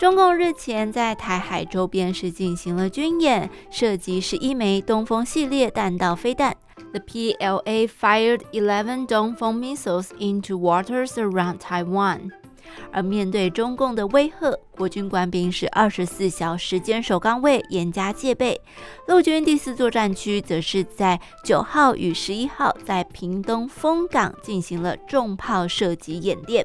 中共日前在台海周邊是進行了軍演，涉及十一枚東風系列彈道飛彈。The PLA fired eleven Dongfeng missiles into waters around Taiwan。而面對中共的威嚇，國軍官兵是二十四小時堅守崗位，嚴加戒備。陸軍第四作戰區則是在九號與十一號在屏東楓港進行了重炮射擊演練。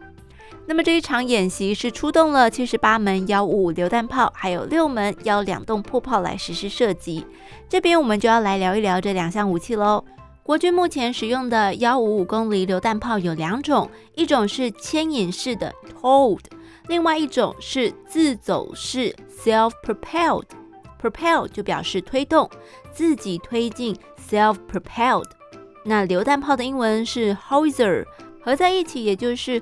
那麼這一場演習是出動了七十八門幺五五榴彈炮，還有六門幺兩洞迫炮來實施射擊。這邊我們就要來聊一聊這兩項武器嘍。國軍目前使用的幺五五公厘榴彈炮有兩種，一種是牽引式的 towed 另外一種是自走式 self propelled。propelled pro 就表示推動，自己推進 self propelled。那榴彈炮的英文是 howitzer 合在一起也就是。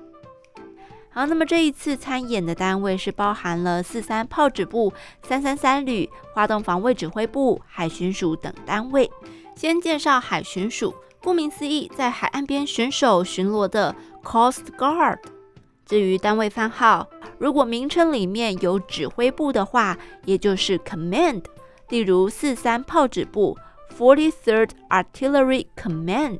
好，那麼這一次參演的單位是包含了四三炮指部、三三三旅、花東防衛指揮部、海巡署等單位。先介紹海巡署，顧名思義，在海岸邊巡守巡邏的 Coast Guard。至於單位番號，如果名稱裡面有指揮部的話，也就是 Command。例如四三炮指部 Forty Third Artillery Command。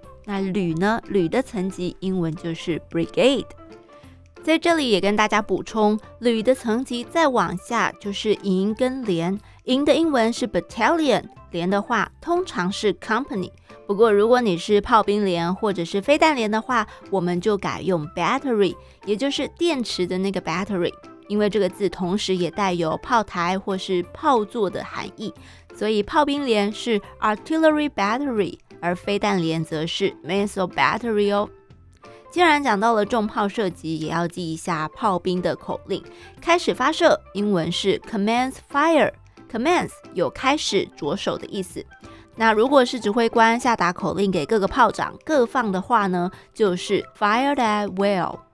那旅呢？旅的層級英文就是 brigade。在這裡也跟大家補充，旅的層級再往下就是營跟連。營的英文是 battalion，連的話通常是 company。不過如果你是炮兵連或者是飛彈連的話，我們就改用 battery，也就是電池的那個 battery。因為這個字同時也帶有炮台或是炮座的含義，所以炮兵連是 artillery battery，而飛彈連則是 missile battery 哦。既然講到了重炮射擊，也要記一下炮兵的口令。開始發射，英文是 commence fire。commence 有開始、着手的意思。那如果是指揮官下達口令給各個炮長各放的話呢，就是 fire at will。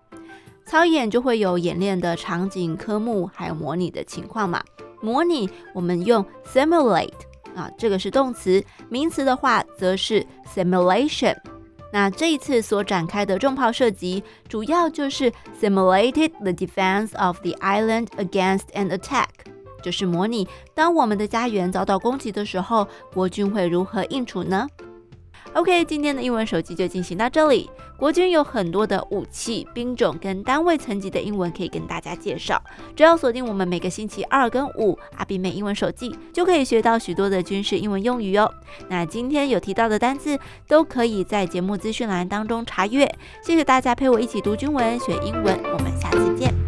操演就會有演練的場景、科目，還有模擬的情況嘛。模擬我們用 simulate 啊，這個是動詞。名詞的話則是 simulation。那這一次所展開的重炮射擊，主要就是 simulated the defense of the island against an attack，就是模擬當我們的家園遭到攻擊的時候，國軍會如何應處呢？OK，今天的英文手機就進行到這裡。國軍有很多的武器、兵種跟單位層級的英文可以跟大家介紹，只要鎖定我們每個星期二跟五，阿比妹英文手記就可以學到許多的軍事英文用語哦。那今天有提到的單字都可以在節目資訊欄當中查閱。謝謝大家陪我一起讀軍文學英文，我們下次見。